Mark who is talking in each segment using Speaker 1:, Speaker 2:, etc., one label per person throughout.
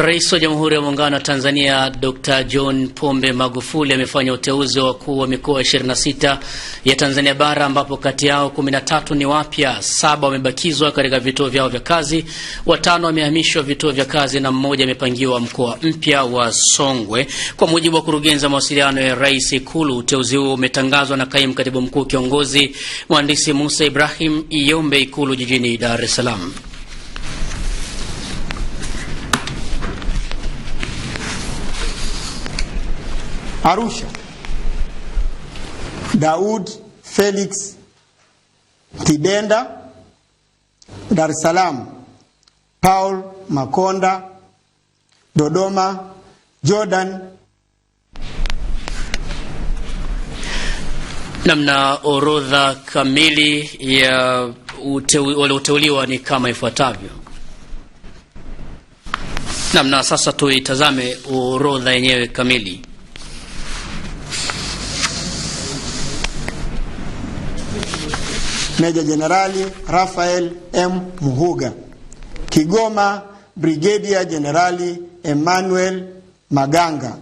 Speaker 1: Rais wa Jamhuri ya Muungano wa Tanzania Dr. John Pombe Magufuli amefanya uteuzi wa wakuu wa mikoa 26 ya Tanzania bara ambapo kati yao 13 ni wapya, saba wamebakizwa katika vituo vyao vya kazi, watano wamehamishwa vituo vya kazi na mmoja amepangiwa mkoa mpya wa Songwe. Kwa mujibu wa kurugenzi mawasiliano ya Rais Ikulu, uteuzi huo umetangazwa na kaimu katibu mkuu kiongozi Mhandisi Musa Ibrahim Iyombe Ikulu jijini Dar es Salaam.
Speaker 2: Arusha, Daud Felix Tidenda, Dar es Salaam, Paul Makonda, Dodoma, Jordan
Speaker 3: namna orodha kamili ya walioteuliwa ni kama ifuatavyo. Namna sasa tuitazame orodha yenyewe kamili.
Speaker 4: Meja Jenerali Rafael M. Muhuga. Kigoma, Brigedia Jenerali Emmanuel Maganga.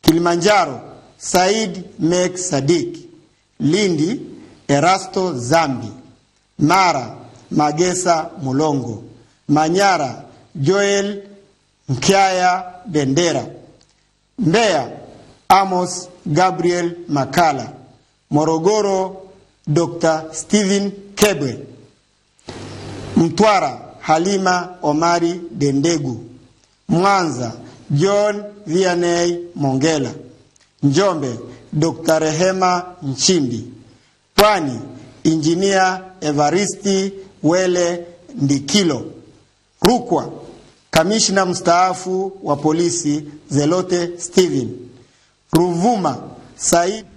Speaker 4: Kilimanjaro, Said Mek Sadik. Lindi, Erasto Zambi. Mara, Magesa Mulongo. Manyara, Joel Mkyaya Bendera. Mbeya, Amos Gabriel Makala. Morogoro, Dr. Stephen Kebwe. Mtwara, Halima Omari Dendegu. Mwanza, John Vianney Mongela. Njombe, Dr. Rehema Nchimbi. Pwani, Injinia Evaristi Wele Ndikilo. Rukwa, Kamishna mstaafu wa polisi Zelote Stephen. Ruvuma, Said